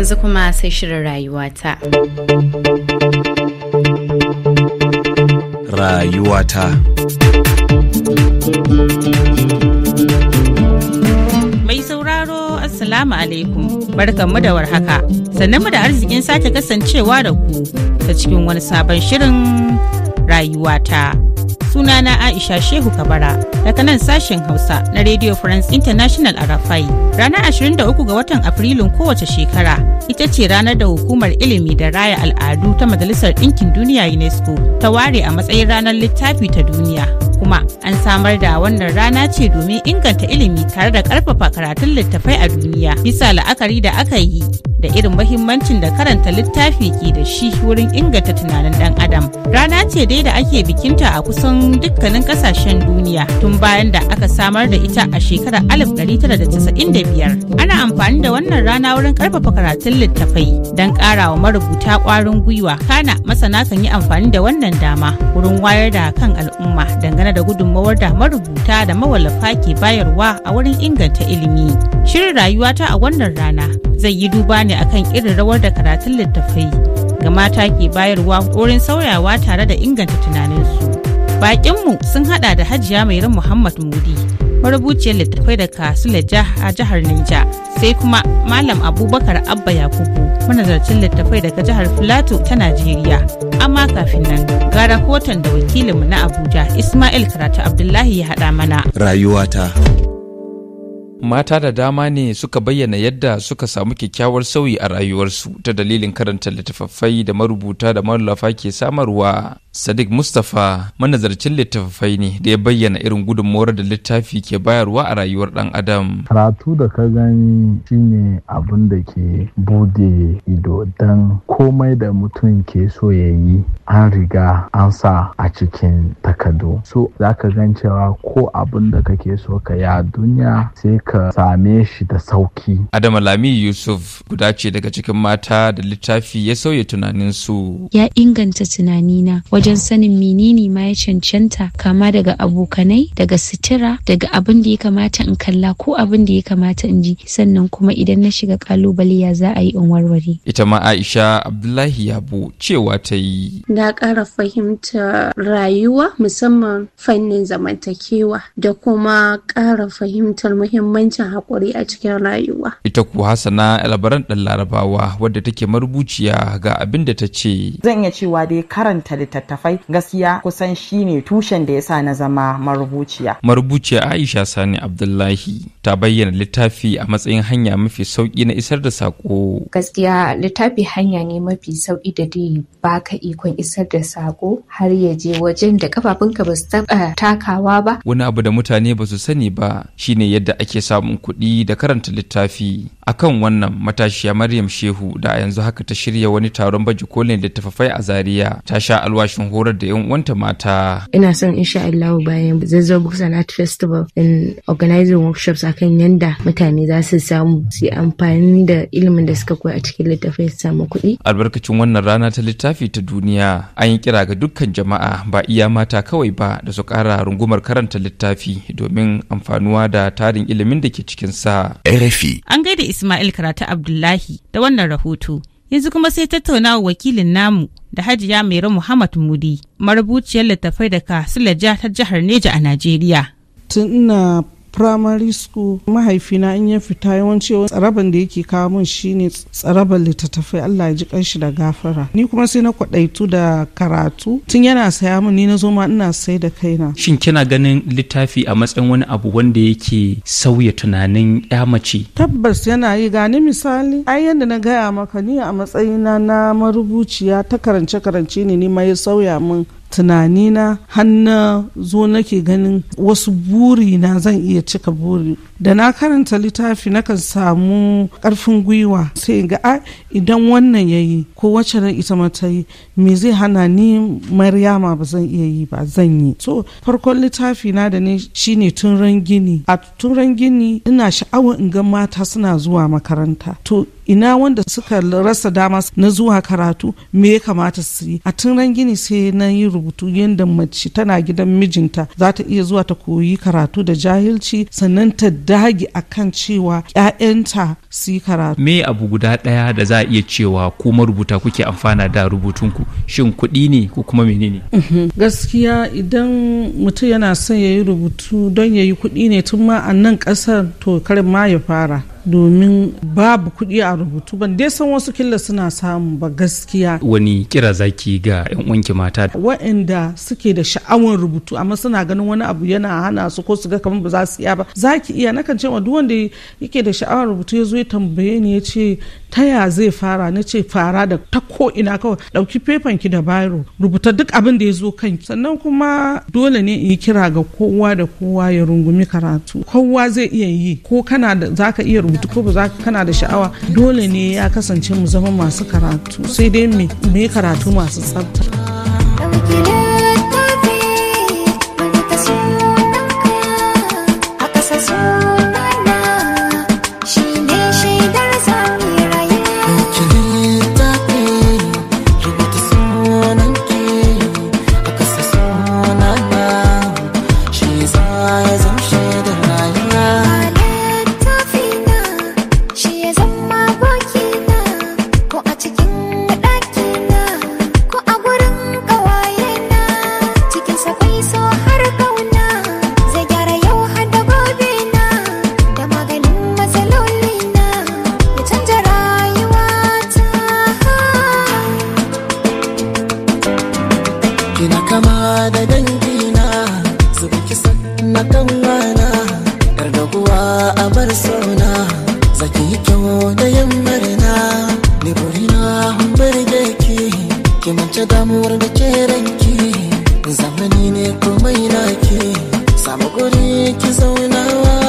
yanzu kuma sai shirin rayuwata. Rayuwata. Mai sauraro Assalamu alaikum barkanmu da warhaka mu da arzikin sake kasancewa da ku ta cikin wani sabon shirin rayuwata. sunana Aisha Shehu Kabara daga nan sashen Hausa na Radio France International a Rafai. Ranar 23 ga watan Afrilun kowace shekara ita ce ranar da hukumar ilimi da raya al'adu ta Majalisar Ɗinkin Duniya UNESCO ta ware a matsayin ranar littafi ta duniya. Kuma an samar da wannan rana ce domin inganta ilimi tare da karfafa karatun littattafai a duniya bisa la'akari da aka yi da irin mahimmancin da karanta littafi ke da shi wurin inganta tunanin dan adam rana ce dai da ake bikinta a kusan dukkanin kasashen duniya tun bayan da aka samar da ita a shekarar biyar. ana amfani da wannan rana wurin karfafa karatun littafai don karawa marubuta kwarin gwiwa kana masana kan yi amfani da wannan dama wurin wayar da kan al'umma dangane da gudunmawar da marubuta da mawallafa ke bayarwa a wurin inganta ilimi shirin rayuwata a wannan rana zai yi duba ne akan irin rawar da karatun littafai, ga mata ke bayarwa wurin sauyawa tare da inganta tunaninsu. Baƙinmu sun hada da Hajiya mai ran Muhammad Mudi, marubuciyar littafai da kasula a jihar Ninja, sai kuma Malam Abubakar Abba Yakubu, manazarcin littattafai daga jihar Filato ta Najeriya. Amma kafin nan, ga rahoton da wakilinmu na Abuja, Ismail Karatu Abdullahi ya haɗa mana. Rayuwata. mata da dama ne suka bayyana yadda suka samu kyakkyawar sauyi a rayuwarsu ta dalilin karanta littattafai da marubuta da mallafa ke samarwa Sadiq Mustapha manazarcin littattafai ne da ya bayyana irin gudunmawar da littafi ke bayarwa a rayuwar ɗan adam. Karatu da ka gani shine abin da ke bude ido don komai da mutum ke so ya yi an riga an sa a cikin takardu. So za ka gan cewa ko abin da kake so ka ya duniya sai ka same shi da sauki. Adamalami alami Yusuf guda ce daga cikin mata da littafi ya sauya tunaninsu. Ya inganta tunanina. wajen sanin menene ma ya cancanta kama daga abokanai daga sitira daga abin da ya kamata in kalla ko abin da ya kamata in ji sannan kuma idan na shiga kalubale ya za a yi in warware ita ma aisha abdullahi yabo cewa ta yi na ƙara fahimta rayuwa musamman fannin zamantakewa da kuma ƙara fahimtar muhimmancin hakuri a cikin rayuwa ita ku hasana labaran ɗan larabawa wadda take marubuciya ga abin da ta ce zan iya cewa dai karanta littattafai littattafai gaskiya kusan shine tushen da ya sa na zama marubuciya marubuciya Aisha Sani Abdullahi ta bayyana littafi a matsayin hanya mafi sauki na isar da sako gaskiya littafi hanya ne mafi sauki da dai baka ikon isar da sako har ya je wajen da kafafunka ba su takawa ba wani abu da mutane ba su sani ba shine yadda ake samun kuɗi da karanta littafi akan wannan matashiya maryam shehu da a yanzu haka ta shirya wani taron baje kolin littattafai a zaria ta sha alwashin horar da yan uwanta mata ina son insha Allah bayan zazzo books and art festival in organizing workshops akan yanda mutane za su samu su amfani da ilimin da suka koya a cikin littattafai su samu kuɗi albarkacin wannan rana ta littafi ta duniya an yi kira ga dukkan jama'a ba iya mata kawai ba da su ƙara rungumar karanta littafi domin amfanuwa da tarin ilimin da ke cikinsa RFI an gaida Ismail Karatu Abdullahi da wannan rahoto. Yanzu kuma sai tattaunawa wakilin namu da Hajiya Mairo Muhammad Mudi, marubuciyar littattafai daga Sulaja ta jihar Neja a Najeriya. Tun ina primary school mahaifina in ya fita yawanci tsaraban da yake kawo min shine tsaraban littattafai Allah ya ji kanshi da gafara ni kuma sai na kwadaitu da karatu tun yana saya min ni na zo ma ina sai da kai na. shin kina ganin littafi a matsayin wani abu wanda yake sauya tunanin ya mace tabbas yana yi gani misali ai yadda na gaya maka ni a matsayina na marubuciya ta karance karance ne ni ma ya sauya min tunanina hanna zo nake ganin wasu buri na zan iya cika buri da na karanta littafi nakan samu karfin gwiwa sai ga a idan wannan ya yi ko wacce nan ita mata yi me zai hana ni maryama ba zan iya yi ba zan yi so farkon littafi na da ne shine tun gini a tun gini ina sha'awar in ga mata suna zuwa makaranta to ina wanda suka rasa dama na zuwa karatu me ya kamata su yi a tun ran gini sai na yi rubutu yadda mace tana gidan mijinta za ta iya zuwa ta koyi karatu da jahilci sannan ta dage kan cewa 'ya'yanta su yi karatu me abu guda ɗaya da za a iya cewa ko marubuta kuke amfana da rubutunku shin kuɗi ne ko kuma menene mhm. gaskiya idan mutum yana son ya yi rubutu don ya yi kuɗi ne tun ma a nan ƙasar to karin ma ya fara domin babu kuɗi a rubutu ban dai san wasu killa suna samu ba gaskiya wani kira zaki ga yan wanke mata Waɗanda suke da sha'awar rubutu amma suna ganin wani abu yana hana su ko su ga kamar ba za su iya ba zaki iya nakan ce duk wanda yake da sha'awar rubutu ya zo ya tambaye ni ya ce ta zai fara na ce fara da ta ko ina kawai ɗauki fefan ki da biro rubuta duk abin da ya zo kan sannan kuma dole ne in yi kira ga kowa da kowa ya rungumi karatu kowa zai iya yi ko kana da zaka iya rubutu ko ba za ka kana da sha'awa dole ne ya kasance mu zama masu karatu sai dai mu yi karatu masu tsabta. kina kama da na su ki na kan wana yar da kuwa a bar sauna zaki yi kyau da yammar na ni burina burge ki ki mance damuwar da ke ranki zamani ne komai naki samu guri ki zaunawa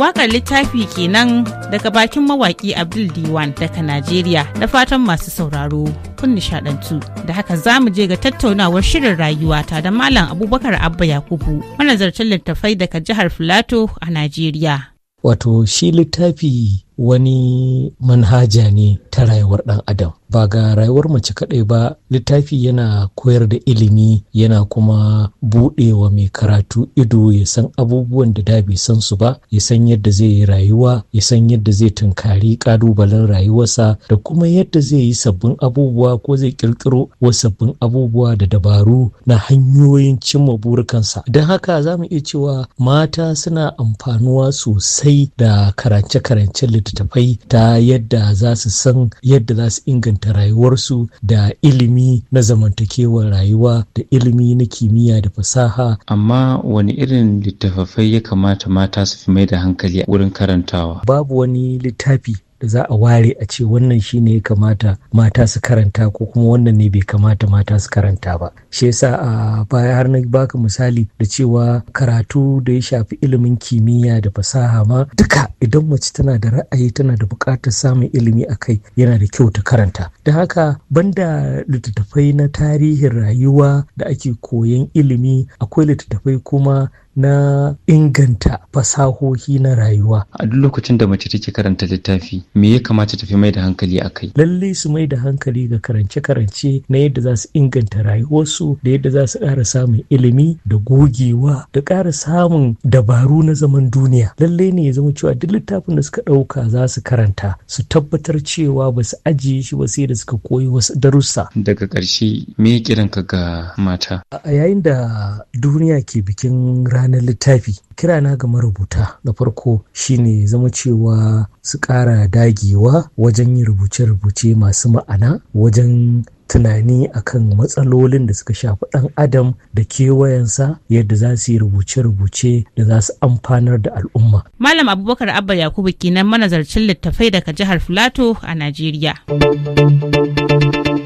Wakar littafi kenan daga bakin mawaki Abdul Diwan daga Najeriya da fatan masu sauraro kun nishadantu. Da haka za mu je ga tattaunawar shirin rayuwa ta da Malam Abubakar Abba Yakubu manazarcin littafai daga jihar Filato a Najeriya. Wato shi littafi wani manhaja ne ta rayuwar ɗan adam ba ga rayuwar mace kaɗai ba littafi yana koyar da ilimi yana kuma buɗewa mai karatu ido ya san abubuwan da da bai san su ba ya san yadda zai yi rayuwa ya san yadda zai tunkari ƙalubalen rayuwarsa da kuma yadda zai yi sabbin abubuwa ko zai ƙirƙiro wasu sabbin abubuwa da dabaru na hanyoyin cimma burikansa don haka za mu iya cewa mata suna amfanuwa sosai da karance-karancen littafi littattafai ta yadda za su san yadda za su inganta rayuwarsu da ilimi na zamantakewar rayuwa da ilimi na kimiyya da fasaha. Amma wani irin littattafai ya kamata mata su fi mai da hankali wurin karantawa? Babu wani littafi da za a ware a ce wannan shi ne ya kamata mata su karanta ko kuma wannan ne bai kamata mata su karanta ba shi yasa a baya har na baka misali da cewa karatu da ya shafi ilimin kimiyya da fasaha ma duka idan mace tana da ra'ayi tana da buƙatar samun ilimi a kai yana da kyau ta karanta da haka banda littattafai na tarihin rayuwa da ake koyan ilimi akwai littattafai kuma na inganta fasahohi na rayuwa. A duk lokacin da mace take karanta littafi, me ya kamata ta fi mai da hankali a kai? Lalle su mai da hankali ga karance-karance na yadda za su inganta rayuwarsu da yadda za su ƙara samun ilimi da gogewa da ƙara samun dabaru na zaman duniya. Lalle ne ya zama cewa duk littafin da suka ɗauka za su karanta su tabbatar cewa ba su ajiye shi ba sai da suka koyi wasu darussa. Daga ƙarshe me kiranka ga mata? A yayin da duniya ke bikin ranar littafi kirana ga marubuta na farko shine zama cewa su ƙara dagewa wajen yin rubuce-rubuce masu ma'ana wajen tunani akan matsalolin da suka shafi ɗan adam da kewayensa yadda za su yi rubuce-rubuce da za su amfanar da al'umma. Malam Abubakar Abba Yakubu kenan manazarcin littafai daga jihar Filato a Najeriya.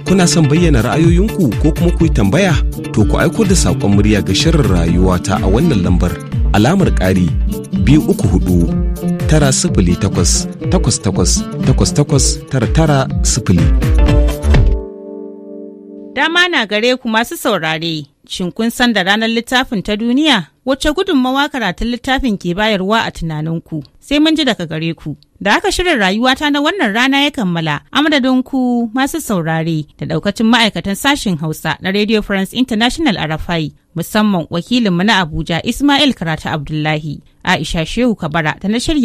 kuna son bayyana ra'ayoyinku ko kuma ku yi tambaya to ku aiko da saƙon murya ga shirin rayuwa ta a wannan lambar alamar ƙari biyu uku hudu tara sifili takwas takwas takwas takwas takwas tara tara sifili. Dama na gare ku masu saurare. Shin kun san da ranar littafin ta duniya? Wace gudunmawa karatun littafin ke bayarwa a tunaninku? Sai mun ji daga gare ku. Da aka shirin rayuwata na wannan rana ya kammala, amadadin ku masu saurare da daukacin ma'aikatan sashen Hausa na Radio France International a Rafai, musamman wakilinmu na Abuja Ismail Karatu Abdullahi, Aisha Shehu Kabara ta na shirya